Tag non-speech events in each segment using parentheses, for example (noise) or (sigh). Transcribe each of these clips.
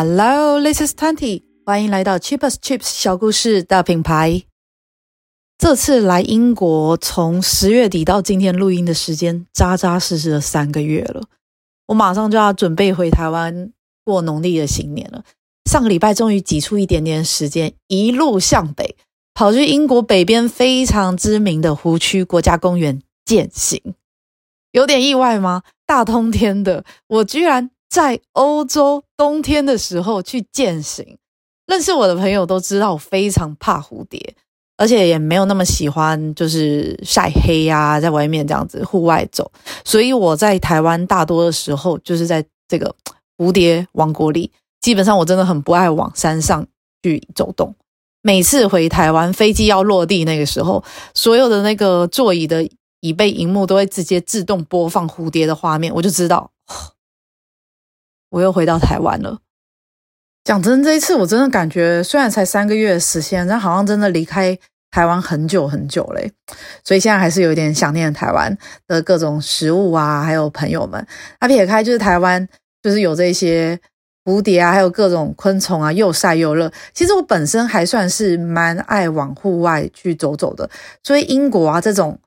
Hello, this is Twenty。歡迎來到 Cheap as Chips 小故事大品牌。這次來英國，從十月底到今天錄音的時間，扎扎實實的三個月了。我馬上就要準備回台灣過農曆的新年了。上個禮拜終於擠出一點點時間，一路向北跑去英國北邊非常知名的湖區國家公園健行。有點意外嗎？大冬天的，我居然在歐洲冬天的時候去健行。認識我的朋友都知道，我非常怕蝴蝶，而且也沒有那麼喜歡，就是曬黑呀、啊，在外面這樣子戶外走。所以我在台灣大多的時候，就是在這個蝴蝶王國裡，基本上我真的很不愛往山上去走動。每次回台灣，飛機要落地那個時候，所有的那個座椅的椅背螢幕都會直接自動播放蝴蝶的畫面，我就知道。我又回到台灣了。講真，這一次我真的感覺，雖然才三個月的時間，但好像真的離開台灣很久很久嘞。所以現在還是有一點想念台灣的各種食物啊，還有朋友們。那、啊、撇開就是台灣，就是有這些蝴蝶啊，還有各種昆蟲啊，又曬又熱。其實我本身還算是蠻愛往戶外去走走的，所以英國啊這種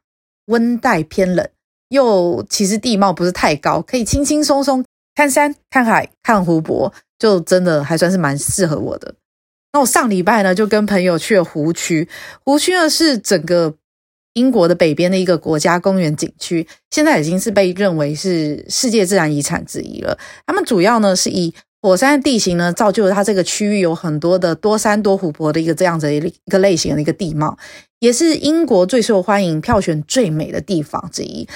溫帶偏冷，又其實地貌不是太高，可以輕輕鬆鬆。看山、看海、看湖泊，就真的還算是蠻適合我的。那我上禮拜呢，就跟朋友去了湖區。湖區呢是整個英國的北邊的一個國家公園景區，現在已經是被認為是世界自然遺產之一了。他們主要呢是以火山地形呢造就了它這個區域有很多的多山多湖泊的一個這樣子的一個類型的一個地貌，也是英國最受歡迎、票選最美的地方之一，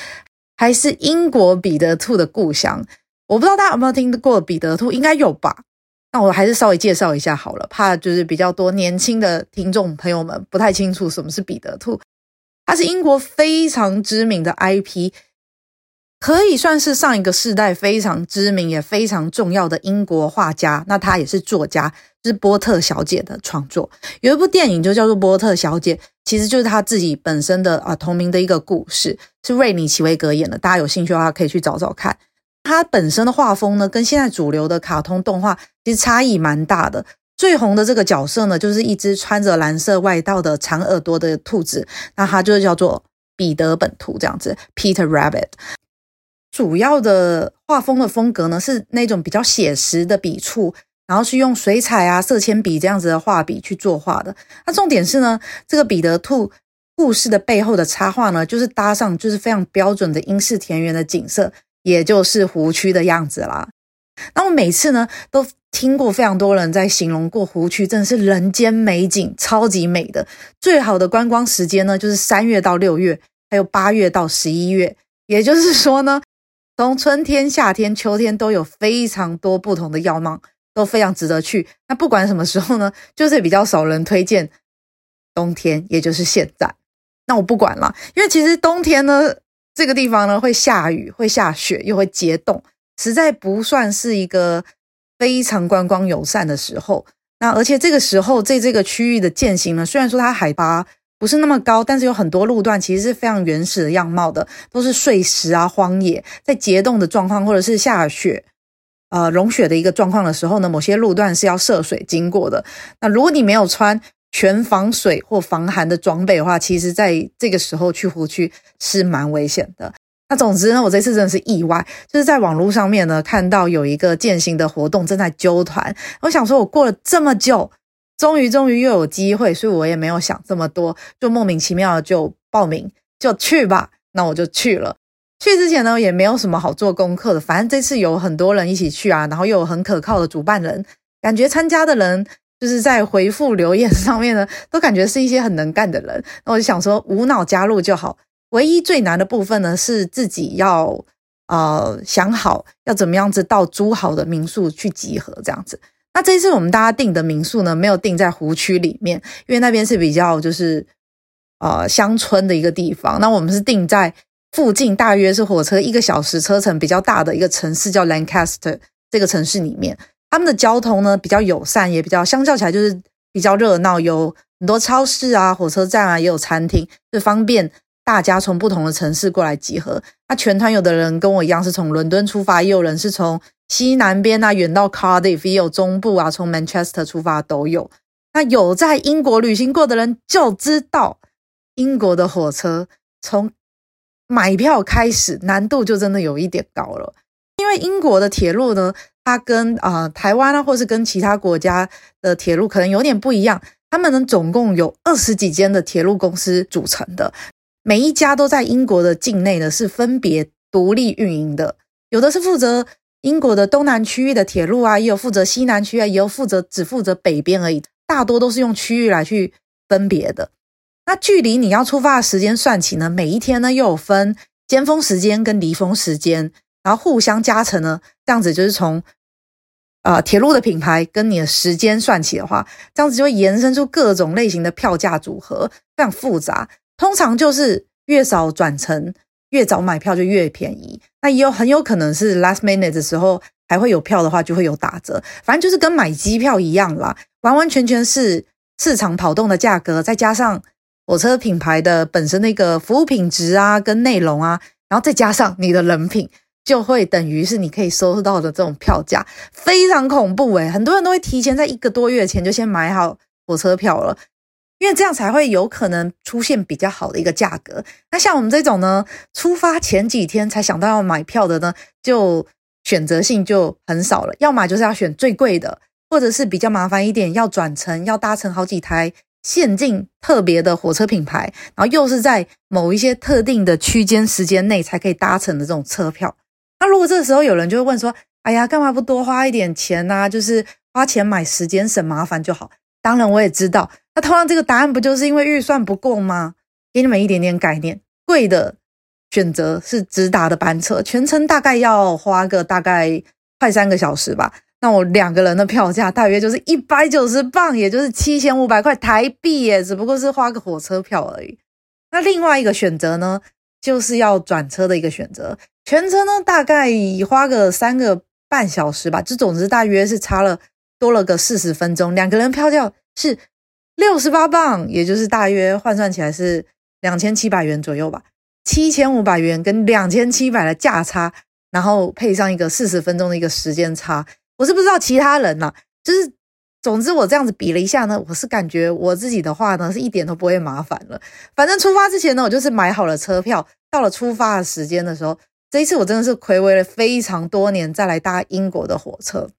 還是英國彼得兔的故鄉。我不知道大家有沒有聽過彼得兔，應該有吧？那我還是稍微介紹一下好了，怕就是比較多年輕的聽眾朋友們不太清楚什麼是彼得兔。他是英國非常知名的 IP，可以算是上一個世代非常知名也非常重要的英國畫家。那他也是作家，是波特小姐的創作。有一部電影就叫做《波特小姐》，其實就是他自己本身的啊同名的一個故事，是瑞尼奇威格演的。大家有興趣的話，可以去找找看。它本身的畫風呢，跟現在主流的卡通動畫其實差異蠻大的。最紅的這個角色呢，就是一隻穿着藍色外套的長耳朵的兔子，那它就是叫做彼得本兔這樣子，Peter Rabbit。主要的畫風的風格呢，是那種比較寫實的筆觸，然後是用水彩啊、色鉛筆這樣子的畫筆去作畫的。那重點是呢，這個彼得兔故事的背後的插畫呢，就是搭上就是非常標準的英式田園的景色。也就是湖區的樣子啦。那我每次呢，都聽過非常多人在形容過湖區，真的是人間美景，超級美的。最好的觀光時間呢，就是三月到六月，還有八月到十一月。也就是說呢，從春天、夏天、秋天都有非常多不同的樣貌，都非常值得去。那不管什麼時候呢，就是比較少人推薦冬天，也就是現在。那我不管啦，因為其實冬天呢。這個地方呢，會下雨，會下雪，又會結凍，實在不算是一個非常觀光友善的時候。那而且這個時候，在這個區域的健行呢，雖然說它海拔不是那麼高，但是有很多路段其實是非常原始的樣貌的，都是碎石啊、荒野。在結凍的狀況，或者是下雪、呃融雪的一個狀況的時候呢，某些路段是要涉水經過的。那如果你沒有穿，全防水或防寒的裝備的話，其實在這個時候去湖區是蠻危險的。那總之呢，我這次真的是意外，就是在網絡上面呢看到有一個健行的活動正在揪團。我想說，我過了這麼久，終於終於又有機會，所以我也沒有想這麼多，就莫名其妙的就報名就去吧。那我就去了。去之前呢也沒有什麼好做功課的，反正這次有很多人一起去啊，然後又有很可靠的主辦人，感覺參加的人，就是在回復留言上面呢，都感覺是一些很能幹的人。那我就想說，無腦加入就好。唯一最難的部分呢，是自己要呃想好要怎麼樣子到租好的民宿去集合這樣子。那這一次我們大家定的民宿呢，沒有定在湖區裡面，因為那邊是比較就是呃鄉村的一個地方。那我們是定在附近，大約是火車一個小時車程比較大的一個城市，叫 Lancaster 這個城市裡面。他們的交通呢比較友善，也比較，相較起來就是比較熱鬧，有很多超市啊、火車站啊，也有餐廳，就方便大家從不同的城市過來集合。那全團有的人跟我一樣是從倫敦出發，也有人是從西南邊啊遠到 Cardiff，也有中部啊從 Manchester 出發都有。那有在英國旅行過的人就知道，英國的火車從買票開始難度就真的有一點高了，因為英國的鐵路呢。它跟啊、呃、台灣啊，或是跟其他國家的鐵路可能有點不一樣。他們呢總共有二十幾間的鐵路公司組成的，每一家都在英國的境內呢是分別獨立運營的。有的是負責英國的東南區域的鐵路啊，也有負責西南區啊，也有負責只負責北邊而已。大多都是用區域來去分別的。那距離你要出發的時間算起呢，每一天呢又有分尖峰時間跟離峰時間。然後互相加成呢，這樣子就是從啊、呃、鐵路的品牌跟你的時間算起的話，這樣子就會延伸出各種類型的票價組合，非常複雜。通常就是越少轉乘、越早買票就越便宜。那也有很有可能是 last minute 的時候還會有票的話就會有打折。反正就是跟買機票一樣啦，完完全全是市場跑動的價格，再加上火車品牌的本身那個服務品質啊跟內容啊，然後再加上你的人品。就會等於是你可以收到的這種票價，非常恐怖誒、欸、很多人都會提前在一個多月前就先買好火車票了，因為這樣才會有可能出現比較好的一個價格。那像我們這種呢，出發前幾天才想到要買票的呢，就選擇性就很少了，要麼就是要選最貴的，或者是比較麻煩一點，要轉乘，要搭乘好幾台限定特別的火車品牌，然後又是在某一些特定的區間時間內才可以搭乘的這種車票。那如果這個時候有人就會問說：“哎呀，幹嘛不多花一點錢呢、啊？就是花錢買時間，省麻煩就好。”當然我也知道，那通常這個答案不就是因為預算不夠嗎？給你們一點點概念，貴的選擇是直達的班車，全程大概要花個大概快三個小時吧。那我兩個人的票價大約就是一百九十鎊，也就是七千五百塊台幣耶，只不過是花個火車票而已。那另外一個選擇呢？就是要轉車的一個選擇，全程呢大概花個三個半小時吧，這總之大約是差了多了個四十分鐘，兩個人票價是六十八鎊，也就是大約換算起來是兩千七百元左右吧，七千五百元跟兩千七百的價差，然後配上一個四十分鐘的一個時間差，我是不知道其他人呢、啊，就是。總之，我這樣子比了一下呢，我是感覺我自己的話呢，是一點都不會麻煩了。反正出發之前呢，我就是買好了車票。到了出發的時間的時候，這一次我真的是回味了非常多年再來搭英國的火車，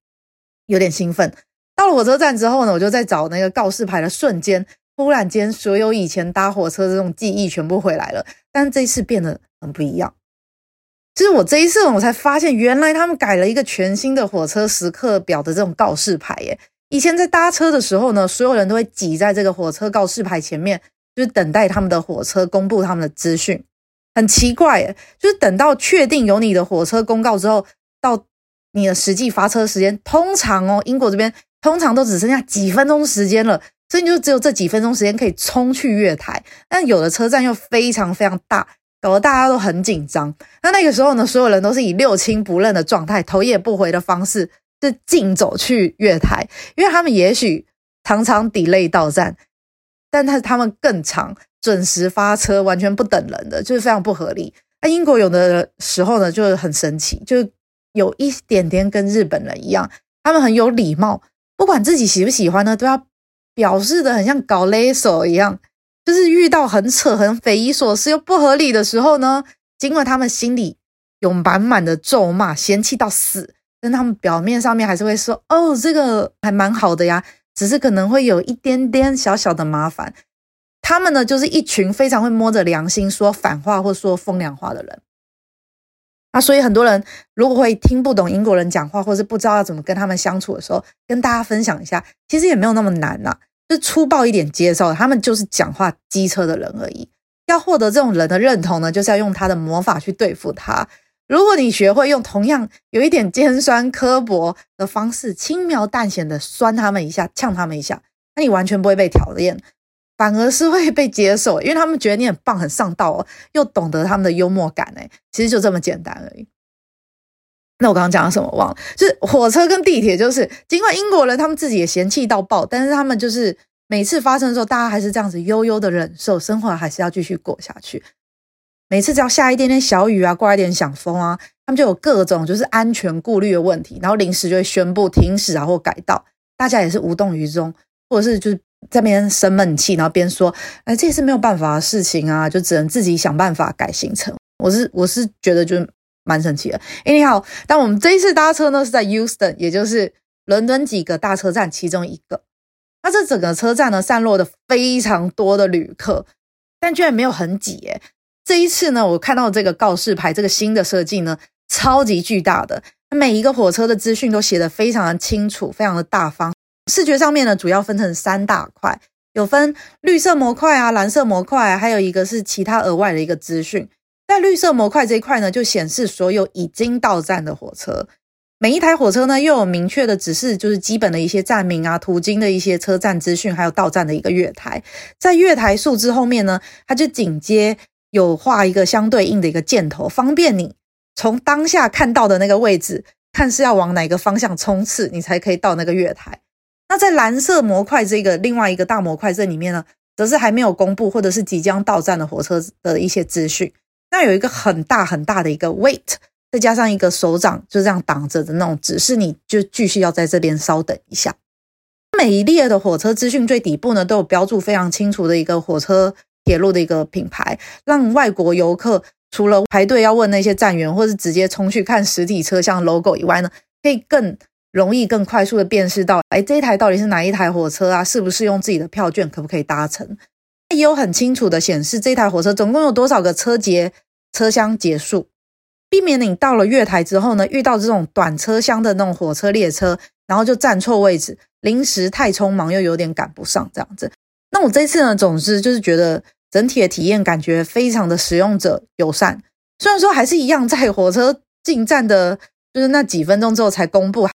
有點興奮。到了火車站之後呢，我就在找那個告示牌的瞬間，突然間所有以前搭火車這種記憶全部回來了，但這一次變得很不一樣。就是我這一次呢，我才發現原來他們改了一個全新的火車時刻表的這種告示牌，耶。以前在搭車的時候呢，所有人都會擠在這個火車告示牌前面，就是等待他們的火車公布他們的資訊。很奇怪，就是等到確定有你的火車公告之後，到你的實際發車時間，通常哦，英國這邊通常都只剩下幾分鐘時間了，所以你就只有這幾分鐘時間可以衝去月台。但有的車站又非常非常大，搞得大家都很緊張。那那個時候呢，所有人都是以六親不認的狀態，頭也不回的方式。是競走去月台，因為他們也許常常 delay 到站，但是他們更常準時發車，完全不等人的，就是非常不合理。那、啊、英國有的時候呢，就是很神奇，就有一點點跟日本人一樣，他們很有禮貌，不管自己喜不喜歡呢，都要表示的很像搞勒索一樣。就是遇到很扯、很匪夷所思又不合理的時候呢，儘管他們心裡有滿滿的咒罵、嫌棄到死。跟他們表面上面還是會說哦，這個還蠻好的呀，只是可能會有一點點小小的麻煩。他們呢，就是一群非常會摸着良心說反話或說風涼話的人。那所以很多人如果會聽不懂英國人講話，或是不知道要怎麼跟他們相處的時候，跟大家分享一下，其實也沒有那麼難啊。就粗暴一點介紹，他們就是講話機車的人而已。要獲得這種人的認同呢，就是要用他的魔法去對付他。如果你學會用同樣有一點尖酸刻薄的方式，輕描淡寫的酸他們一下，嗆他們一下，那你完全不會被討厭，反而是會被接受，因為他們覺得你很棒，很上道哦，又懂得他們的幽默感、欸，誒其實就這麼簡單而已。那我剛剛講了什麼忘了？就是火車跟地鐵，就是儘管英國人他們自己也嫌棄到爆，但是他們就是每次發生的時候，大家還是這樣子悠悠的忍受，生活還是要繼續過下去。每次只要下一點點小雨啊，颳一點小風啊，他們就有各種就是安全顧慮的問題，然後臨時就會宣布停駛啊或改道，大家也是無動於衷，或者是就是在邊生悶氣，然後邊說，哎，這也是沒有辦法的事情啊，就只能自己想辦法改行程。我是我是覺得就是蠻神奇的。哎，你好，但我們這一次搭車呢是在 Euston，也就是倫敦幾個大車站其中一個，那、啊、這整個車站呢散落的非常多的旅客，但居然沒有很擠。這一次呢，我看到這個告示牌，這個新的設計呢，超級巨大的，每一個火車的資訊都寫得非常的清楚，非常的大方。視覺上面呢，主要分成三大塊，有分綠色模塊啊、藍色模塊，還有一個是其他額外的一個資訊。在綠色模塊這一塊呢，就顯示所有已經到站的火車，每一台火車呢又有明確的指示，就是基本的一些站名啊、途經的一些車站資訊，還有到站的一個月台。在月台數字後面呢，它就緊接。有畫一個相對應的一個箭頭，方便你從當下看到的那個位置看是要往哪個方向衝刺，你才可以到那個月台。那在藍色模塊這個另外一個大模塊這裡面呢，則是還沒有公布或者是即將到站的火車的一些資訊。那有一個很大很大的一個 wait，再加上一個手掌就這樣擋着的那種指示，只是你就繼續要在這邊稍等一下。每一列的火車資訊最底部呢，都有標注非常清楚的一個火車鐵路的一個品牌，讓外國遊客除了排隊要問那些站員，或是直接衝去看實體車廂 logo 以外呢，可以更容易、更快速的辨識到，哎，這一台到底是哪一台火車啊？是不是用自己的票券可不可以搭乘？也有很清楚的顯示這一台火車總共有多少個車節車廂節數，避免你到了月台之後呢，遇到這種短車廂的那種火車列車，然後就站錯位置，臨時太匆忙又有點趕不上這樣子。那我這次呢，總之就是覺得。整體的體驗感覺非常的使用者友善，雖然說還是一樣在火車進站的，就是那幾分鐘之後才公布，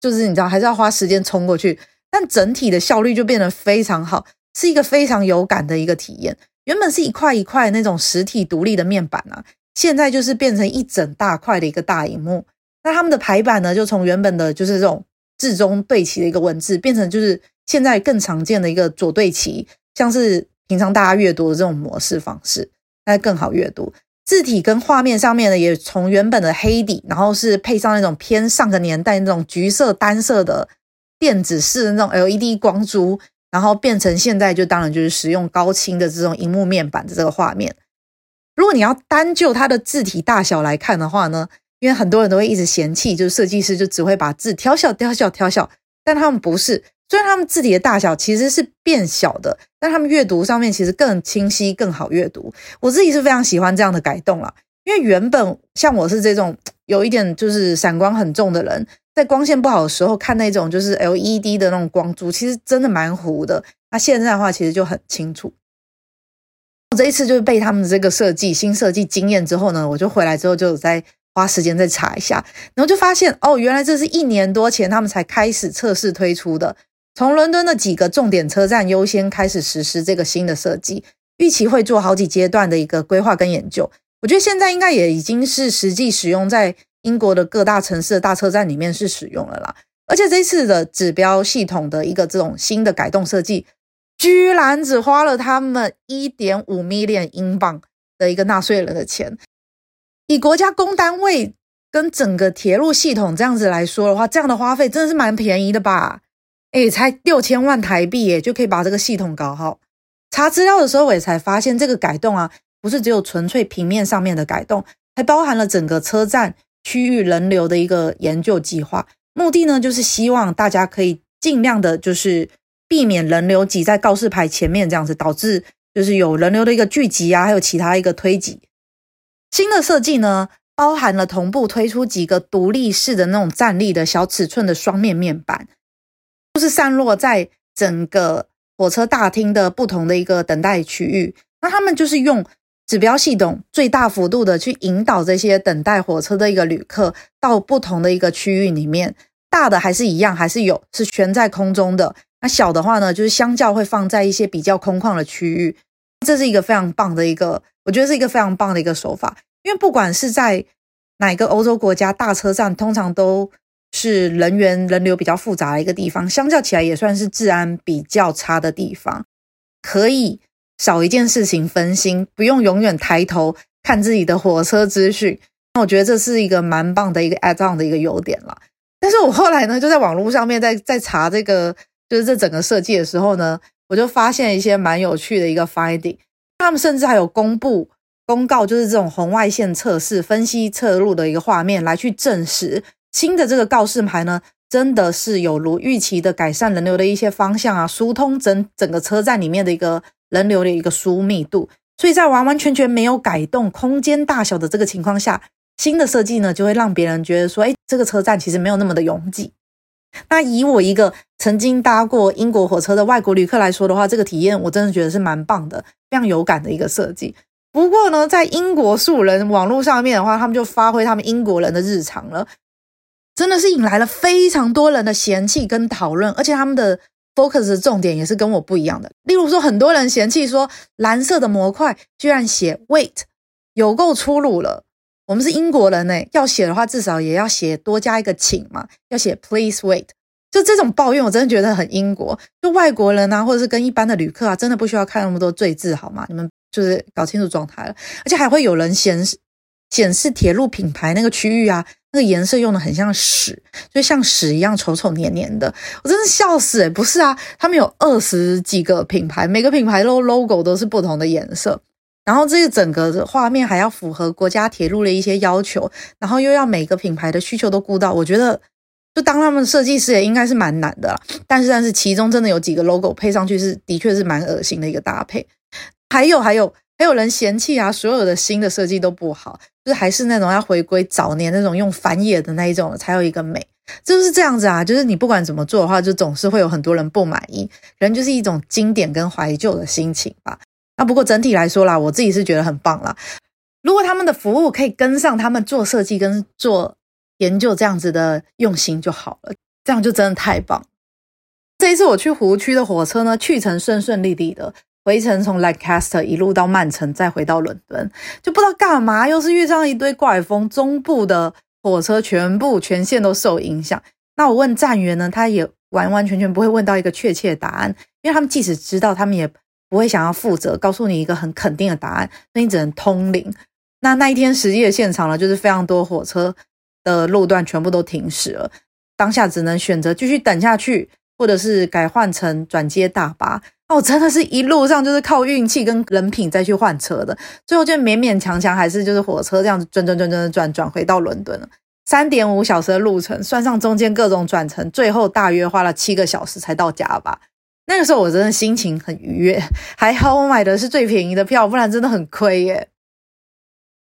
就是你知道還是要花時間衝過去，但整體的效率就變得非常好，是一個非常有感的一個體驗。原本是一塊一塊那種實體獨立的面板啊，現在就是變成一整大塊的一個大熒幕。那他們的排版呢，就從原本的就是這種置中對齊的一個文字，變成就是現在更常見的一個左對齊，像是。平常大家閱讀的這種模式方式，那更好閱讀。字體跟畫面上面呢，也從原本的黑底，然後是配上那種偏上個年代那種橘色單色的電子式的那種 LED 光珠，然後變成現在就當然就是使用高清的這種熒幕面板的這個畫面。如果你要單就它的字體大小來看的話呢，因為很多人都會一直嫌棄，就是設計師就只會把字調小、調小、調小，但他們不是。雖然他們字體的大小其實是變小的，但他們閱讀上面其實更清晰、更好閱讀。我自己是非常喜歡這樣的改動啦，因為原本像我是這種有一點就是閃光很重的人，在光線不好的時候看那種就是 LED 的那種光珠，其實真的蠻糊的。那現在的話，其實就很清楚。我這一次就是被他們的這個設計、新設計驚艷之後呢，我就回來之後就在花時間再查一下，然後就發現哦，原來這是一年多前他們才開始測試推出的。從倫敦的幾個重點車站優先開始實施這個新的設計，預期會做好幾階段的一個規劃跟研究。我覺得現在應該也已經是實際使用在英國的各大城市的大車站裡面是使用了啦。而且這次的指標系統的一個這種新的改動設計，居然只花了他們一點五 million 英鎊的一個納稅人的錢。以國家公單位跟整個鐵路系統這樣子來說的話，這樣的花費真的是蠻便宜的吧？哎、欸，才六千萬台幣耶，就可以把這個系統搞好。查資料的時候，我也才發現這個改動啊，不是只有純粹平面上面的改動，還包含了整個車站區域人流的一個研究計劃。目的呢，就是希望大家可以盡量的，就是避免人流擠在告示牌前面這樣子，導致就是有人流的一個聚集啊，還有其他一個推擠。新的設計呢，包含了同步推出幾個獨立式的那種站立的小尺寸的雙面面板。就是散落在整個火車大廳的不同的一個等待區域，那他們就是用指標系統最大幅度的去引導這些等待火車的一個旅客到不同的一個區域裡面。大的還是一樣，還是有是懸在空中的。那小的話呢，就是相較會放在一些比較空曠的區域。這是一個非常棒的一個，我覺得是一個非常棒的一個手法。因為不管是在哪個歐洲國家，大車站通常都是人員人流比較複雜的一個地方，相較起來也算是治安比較差的地方。可以少一件事情分心，不用永遠抬頭看自己的火車資訊，那我覺得這是一個蠻棒的一個 add-on 的一個優點了。但是我後來呢，就在網絡上面在在查這個，就是這整個設計的時候呢，我就發現一些蠻有趣的一個 finding。他們甚至還有公佈公告，就是這種紅外線測試分析測錄的一個畫面來去證實。新的這個告示牌呢，真的是有如預期的改善人流的一些方向啊，疏通整整個車站裡面的一個人流的一個疏密度。所以在完完全全沒有改動空間大小的這個情況下，新的設計呢，就會讓別人覺得說，哎，這個車站其實沒有那麼的擁擠。那以我一個曾經搭過英國火車的外國旅客來說的話，這個體驗我真的覺得是蠻棒的，非常有感的一個設計。不過呢，在英國素人網絡上面的話，他們就發揮他們英國人的日常了。真的是引來了非常多人的嫌棄跟討論，而且他們的 focus 的重點也是跟我不一樣的。例如說，很多人嫌棄說藍色的模塊居然寫 wait，有夠粗魯了。我們是英國人呢，要寫的話至少也要寫多加一個請嘛，要寫 please wait。就這種抱怨，我真的覺得很英國。就外國人啊，或者是跟一般的旅客啊，真的不需要看那麼多贅字好嗎？你們就是搞清楚狀態了。而且還會有人顯示顯示鐵路品牌那個區域啊。這個顏色用的很像屎，就像屎一樣醜醜黏黏的，我真的笑死。欸、不是啊，他們有二十幾個品牌，每個品牌都 logo 都是不同的顏色，然後這個整個畫面還要符合國家鐵路的一些要求，然後又要每個品牌的需求都顧到，我覺得就當他們設計師也應該是蠻難的。但是但是其中真的有幾個 logo 配上去是的確是蠻噁心的一個搭配，還有還有。還有人嫌棄啊，所有的新的設計都不好，就是還是那種要回歸早年那種用翻頁的那一種，才有一個美，就是這樣子啊。就是你不管怎麼做的話，就總是會有很多人不滿意。人就是一種經典跟懷舊的心情吧。那、啊、不過整體來說啦，我自己是覺得很棒啦。如果他們的服務可以跟上他們做設計跟做研究這樣子的用心就好了，這樣就真的太棒。這一次我去湖區的火車呢，去程順順利利的。回程從 Lancaster 一路到曼城，再回到倫敦，就不知道幹嘛，又是遇上一堆怪風，中部的火車全部全線都受影響。那我問站員呢，他也完完全全不會問到一個確切的答案，因為他們即使知道，他們也不會想要負責告訴你一個很肯定的答案。那你只能通靈。那那一天實際的現場呢，就是非常多火車的路段全部都停駛了，當下只能選擇繼續等下去，或者是改換成轉接大巴。我、哦、真的是一路上就是靠運氣跟人品再去換車的，最後就勉勉強強還是就是火車這樣子轉轉轉轉轉轉回到倫敦了，三點五小時的路程，算上中間各種轉乘，最後大約花了七個小時才到家吧。那個時候我真的心情很愉悅，還好我買的是最便宜的票，不然真的很虧耶。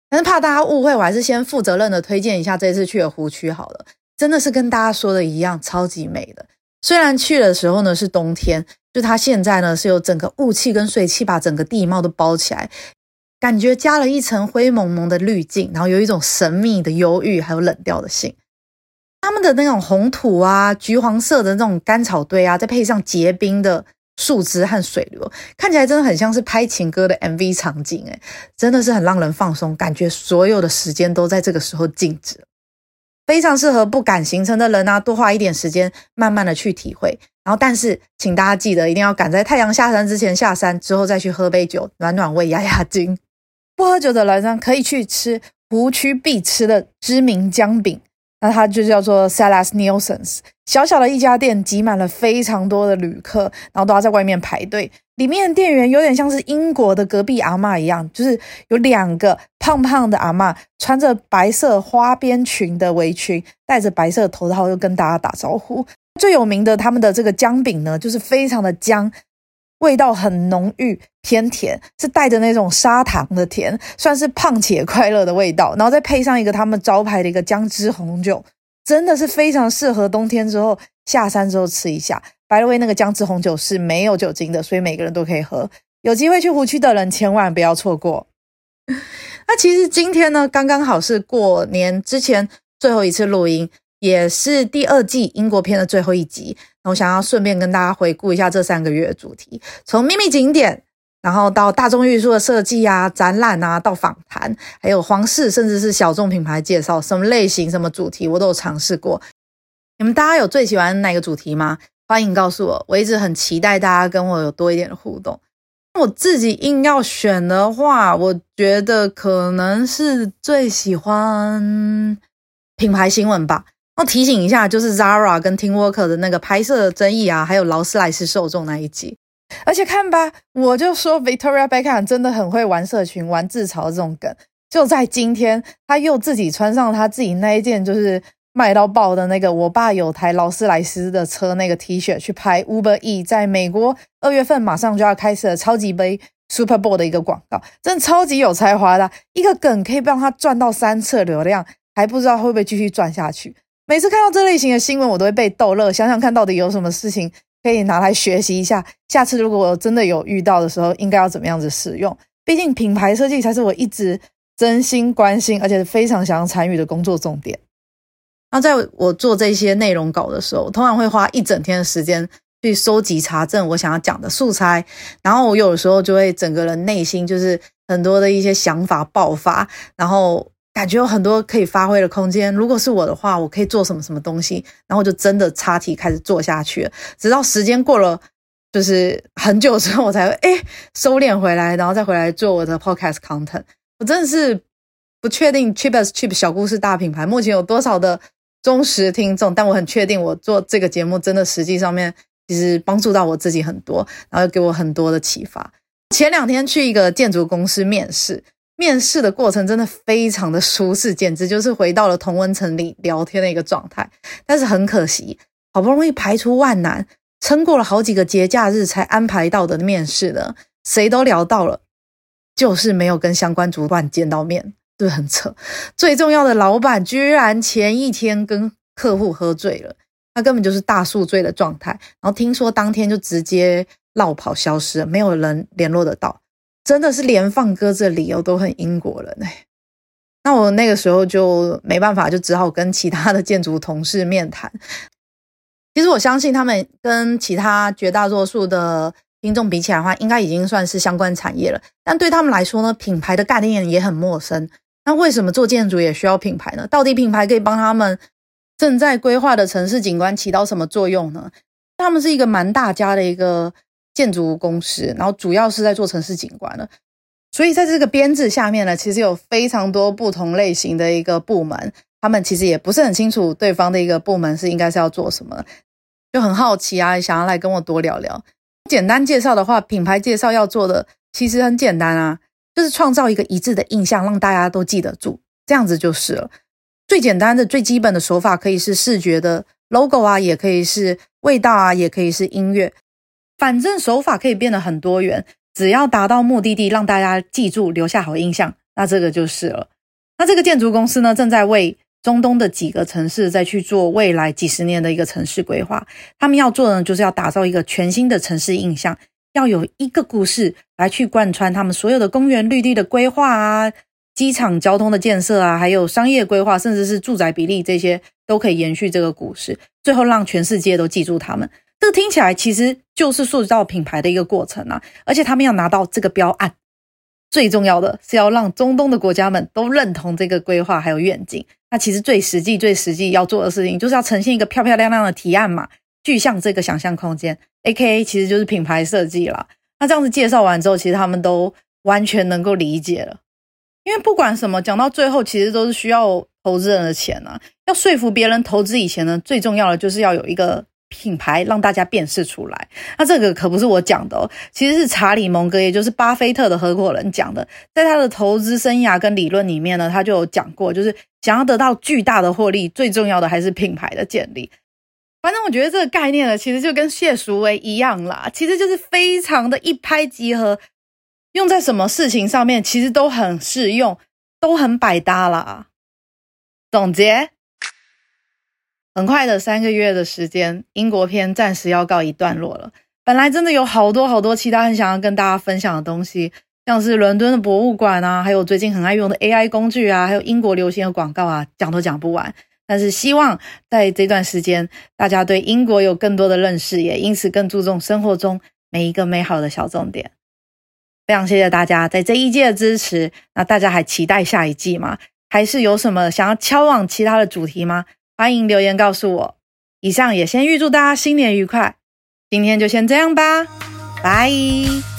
但是怕大家誤會，我還是先負責任的推薦一下這一次去的湖區好了，真的是跟大家說的一樣，超級美的。雖然去的時候呢是冬天。就它現在呢，是有整個霧氣跟水汽把整個地貌都包起來，感覺加了一層灰蒙蒙的濾鏡，然後有一種神秘的憂鬱，還有冷調的性。他們的那種紅土啊、橘黃色的那種乾草堆啊，再配上結冰的樹枝和水流，看起來真的很像是拍情歌的 MV 場景哎，真的是很讓人放鬆，感覺所有的時間都在這個時候靜止，非常適合不趕行程的人呢、啊，多花一點時間，慢慢的去體會。然後，但是，請大家記得一定要趕在太陽下山之前下山，之後再去喝杯酒，暖暖胃，壓壓驚。不喝酒的人呢可以去吃湖區必吃的知名薑餅，那它就叫做 Sarah Nelson's。小小的一家店擠滿了非常多的旅客，然後都要在外面排隊。裡面的店員有點像是英國的隔壁阿嬤一樣，就是有兩個胖胖的阿嬤，穿着白色花邊裙的圍裙，戴着白色頭套，又跟大家打招呼。最有名的，他們的這個薑餅呢，就是非常的薑，味道很濃郁，偏甜，是帶着那種砂糖的甜，算是胖且快樂的味道。然後再配上一個他們招牌的一個薑汁紅酒，真的是非常適合冬天之後下山之後吃一下。白鹿那個薑汁紅酒是沒有酒精的，所以每個人都可以喝。有機會去湖區的人千萬不要錯過。 (laughs) 那其實今天呢，剛剛好是過年之前最後一次錄音。也是第二季英國篇的最後一集，那我想要順便跟大家回顧一下這三個月的主題，從秘密景點，然後到大眾藝術的設計啊、展覽啊，到訪談，還有皇室，甚至是小眾品牌介紹，什麼類型、什麼主題，我都有嘗試過。你們大家有最喜歡哪個主題嗎？歡迎告訴我。我一直很期待大家跟我有多一點的互動。我自己硬要選的話，我覺得可能是最喜歡品牌新聞吧。要提醒一下，就是 Zara 跟 Tim Walker 的那個拍攝的爭議啊，還有勞斯萊斯受眾那一集。而且看吧，我就說 Victoria Beckham 真的很會玩社群，玩自嘲的這種梗。就在今天，他又自己穿上他自己那一件就是賣到爆的那個“我爸有台勞斯萊斯”的車那個 T 恤，去拍 Uber E 在美國二月份馬上就要開始了超級杯 Super Bowl 的一個廣告，真的超級有才華的一個梗，可以幫他賺到三次流量，還不知道會不會繼續賺下去。每次看到這類型的新聞，我都會被逗樂。想想看到底有什麼事情可以拿來學習一下。下次如果我真的有遇到的時候，應該要怎麼樣子使用？畢竟品牌設計才是我一直真心關心而且非常想要參與的工作重點。那在我做這些內容稿的時候，我通常會花一整天的時間去收集查證我想要講的素材。然後我有的時候就會整個人內心就是很多的一些想法爆發，然後。感覺有很多可以發揮的空間。如果是我的話，我可以做什麼什麼東西，然後就真的岔題開始做下去了，直到時間過了，就是很久之後，我才會誒收斂回來，然後再回來做我的 podcast content。我真的是不確定 Cheap as Chips 小故事大品牌目前有多少的忠實聽眾，但我很確定，我做這個節目真的實際上面其實幫助到我自己很多，然後又給我很多的啟發。前兩天去一個建築公司面試。面試的過程真的非常的舒適，簡直就是回到了同溫層裡聊天的一個狀態。但是很可惜，好不容易排除萬難，撐過了好幾個節假日才安排到的面試呢，誰都聊到了，就是沒有跟相關主管見到面，是不是很扯？最重要的老闆居然前一天跟客戶喝醉了，他根本就是大宿醉的狀態，然後聽說當天就直接落跑消失了，沒有人聯絡得到。真的是連放鴿子的理由都很英國人。欸、那我那個時候就沒辦法，就只好跟其他的建築同事面談。其實我相信他們跟其他絕大多數的聽眾比起來的話，應該已經算是相關產業了。但對他們來說呢，品牌的概念也很陌生。那為什麼做建築也需要品牌呢？到底品牌可以幫他們正在規劃的城市景觀起到什麼作用呢？他們是一個蠻大家的一個。建築公司，然後主要是在做城市景觀的，所以在這個編制下面呢，其實有非常多不同類型的一個部門，他們其實也不是很清楚對方的一個部門是應該是要做什麼，就很好奇啊，想要來跟我多聊聊。簡單介紹的話，品牌介紹要做的其實很簡單啊，就是創造一個一致的印象，讓大家都記得住，這樣子就是了。最簡單的、最基本的手法可以是視覺的 logo 啊，也可以是味道啊，也可以是音樂。反正手法可以變得很多元，只要達到目的地，讓大家記住，留下好印象，那這個就是了。那這個建築公司呢，正在為中東的幾個城市再去做未來幾十年的一個城市規劃。他們要做的呢，就是要打造一個全新的城市印象，要有一個故事來去貫穿他們所有的公園綠地的規劃啊，機場交通的建設啊，還有商業規劃，甚至是住宅比例這些，都可以延續這個故事，最後讓全世界都記住他們。這聽起來其實就是塑造品牌的一個過程啊，而且他們要拿到這個標案，最重要的是要讓中東的國家們都認同這個規劃還有願景。那其實最實際、最實際要做的事情，就是要呈現一個漂漂亮亮的提案嘛，具象這個想象空間。AKA 其實就是品牌設計啦。那這樣子介紹完之後，其實他們都完全能夠理解了，因為不管什麼，講到最後，其實都是需要投資人的錢啊。要說服別人投資以前呢，最重要的就是要有一個。品牌讓大家辨識出來，那這個可不是我講的哦，其實是查理·蒙格，也就是巴菲特的合夥人講的。在他的投資生涯跟理論裡面呢，他就有講過，就是想要得到巨大的獲利，最重要的還是品牌的建立。反正我覺得這個概念呢，其實就跟謝淑薇一樣啦，其實就是非常的一拍即合，用在什麼事情上面，其實都很適用，都很百搭啦。總結。很快的三個月的時間，英國篇暫時要告一段落了。本來真的有好多好多其他很想要跟大家分享的東西，像是倫敦的博物館啊，還有最近很愛用的 AI 工具啊，還有英國流行的廣告啊，講都講不完。但是希望在這段時間，大家對英國有更多的認識也，也因此更注重生活中每一個美好的小重點。非常謝謝大家在這一季的支持。那大家還期待下一季嗎？還是有什麼想要敲碗其他的主題嗎？歡迎留言告訴我，以上也先預祝大家新年愉快。今天就先這樣吧，拜。